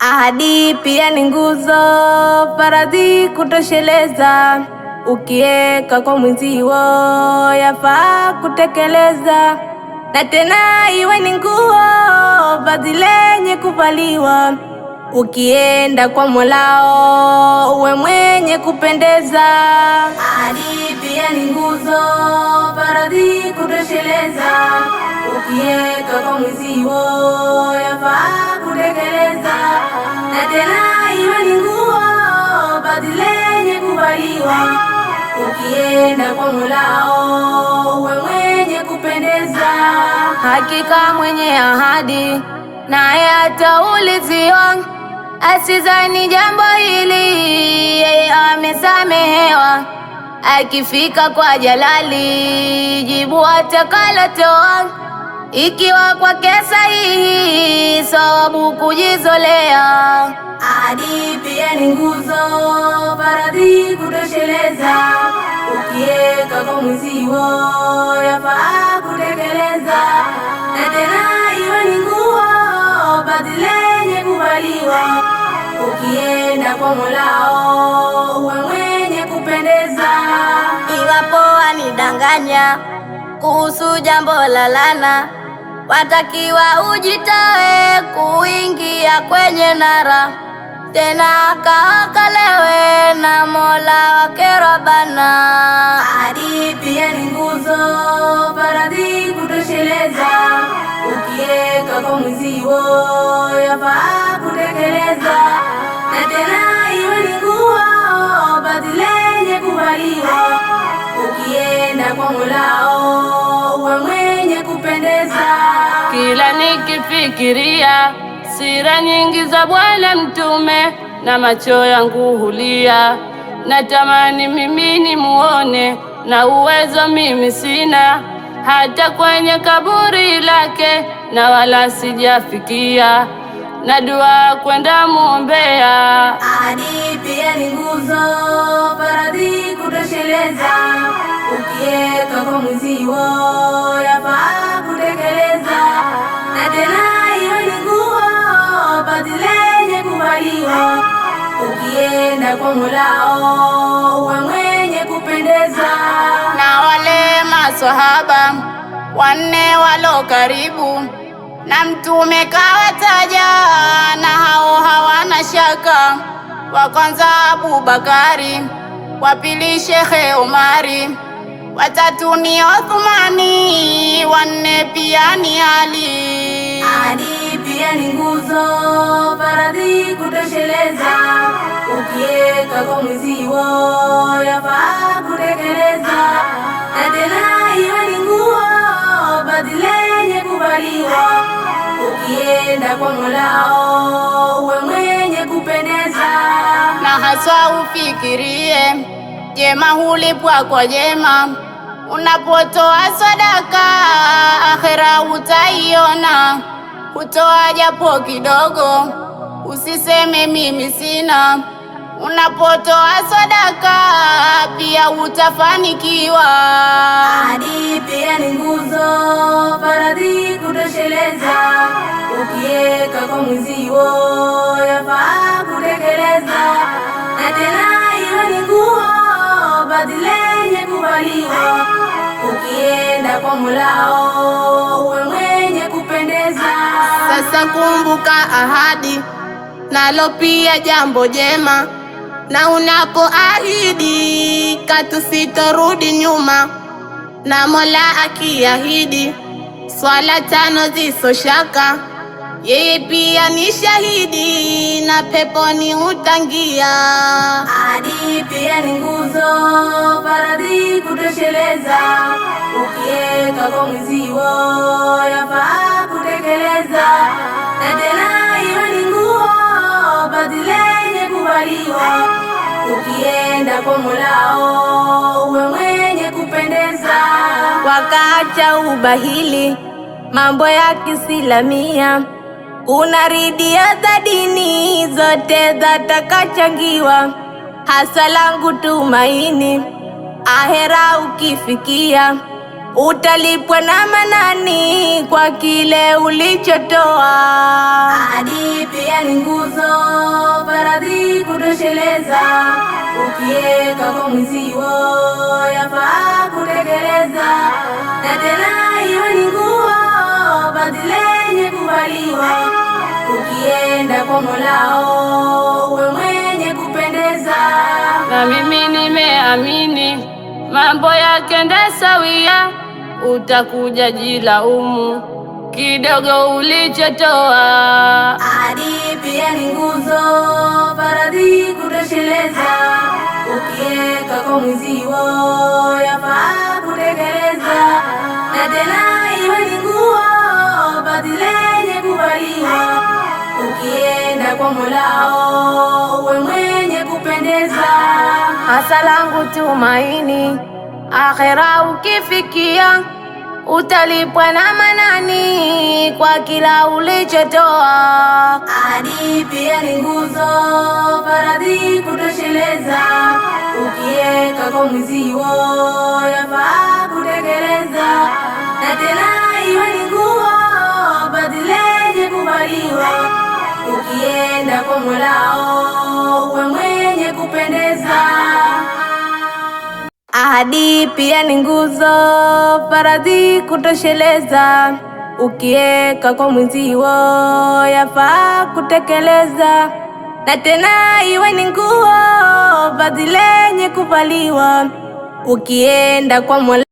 Ahadi pia ni nguzo, faradhi kutosheleza, ukieka kwa mwenzio yafaa kutekeleza. Na tena iwe ni nguo, vazi lenye kuvaliwa, ukienda kwa Molao uwe mwenye kupendeza. Ahadi pia ni nguzo, faradhi kutosheleza ukieka kwa mwenzio yafaa kutekeleza, na tena iwe ni nguo badi lenye kuvaliwa. Ukienda kwa mulao uwe mwenye kupendeza, hakika mwenye ahadi naye atauliziwa. Asizani jambo hili, yeye amesamehewa. Akifika kwa Jalali, jibu atakalatoa ikiwa kwake sahihi, sawabu kujizolea. adi pia ni nguzo, faradhi kutosheleza, ukieka kwa mwenzio yafaa kutekeleza, na tena iwe ni nguo basi lenye kuvaliwa, ukienda kwa Mulao uwe mwenye kupendeza. Iwapo wanidanganya kuhusu jambo la laana watakiwa ujitawe kuingia kwenye nara, tena akaokalewe na Mola wake bana Ahadi pia ni nguzo, faradhi kutosheleza, ukiweka kwa mwiziwo yafaa kutekeleza kila nikifikiria sira nyingi za Bwana Mtume na macho yangu hulia, natamani mimi nimuone na uwezo mimi sina, hata kwenye kaburi lake na wala sijafikia, na dua kwenda muombea. Pia ni nguzo faradhi kutosheleza, ukieka kwa mwenzio Mulao uwe mwenye kupendeza. Na wale maswahaba wanne walo karibu na Mtume kawataja, na hao hawana shaka, wa kwanza Abubakari, wa pili Shekhe Omari, watatu ni Othmani, wanne pia ni Ali. Ali pia ni nguzo, faradhi kutosheleza yeka kwa mwiziwo yafaa kutekeleza na tena iwe ni nguo badhi lenye kuvaliwa. Ukienda kwa Mulao uwe mwenye kupendeza, na haswa ufikirie jema hulipwa kwa jema. Unapotoa sadaka akhera utaiona. Kutoa japo kidogo, usiseme mimi sina. Unapotoa sadaka pia utafanikiwa. Ahadi pia ni nguzo, faradhi kutosheleza. Ukiweka kwa mwenzio, yafaa kutekeleza. Na tena iwe ni nguo, vazi lenye kuvaliwa. Ukienda kwa mulao, uwe mwenye kupendeza. Sasa kumbuka ahadi, nalo pia jambo jema na unapoahidi katu sitorudi nyuma, na Mola akiahidi swala tano ziso shaka, yeye pia ni shahidi na peponi utangia. Ahadi pia ni nguzo, faradhi kutosheleza, ukieka kwa mwiziwo yafaa kutekeleza, na tena iwe ni nguo badhi lenye kuvaliwa ukienda kwa Mulao uwe mwenye kupendeza. Wakaacha ubahili, mambo ya Kisilamia, unaridia za dini zote zatakachangiwa. Hasa langu tumaini, ahera ukifikia utalipwa na manani kwa kile ulichotoa. Ahadi pia ni nguvu yeka kwa mwiziwo yafaa kutekeleza na tena iwe ni nguo vazi lenye kuvaliwa ukienda kwa Molao we mwenye kupendeza. Na mimi nimeamini mambo yakende sawia, utakuja jilaumu kidogo ulichotoa. Ahadi pia ni nguzo faradhi kutosheleza ukieka kwa mwiziwo yafaa kutekeleza, na tena iwe ni nguo basi lenye kuvaliwa. Ukienda kwa Mulao uwe mwenye kupendeza. Hasa langu tumaini akhera ukifikia utalipwa na Manani kwa kila ulichotoa. adi pia ni nguzo kutekeleza, ukieka kwa mwizi wao yafaa kutekeleza, na tena iwe ni nguo badilenye kuvaliwa, ukienda kwa mwelao uwe mwenye kupendeza. Ahadi pia ni nguzo, faradhi kutosheleza, ukieka kwa mwizio yafaa kutekeleza na tena iwe ni nguo vazi lenye kuvaliwa ukienda kwa Mola.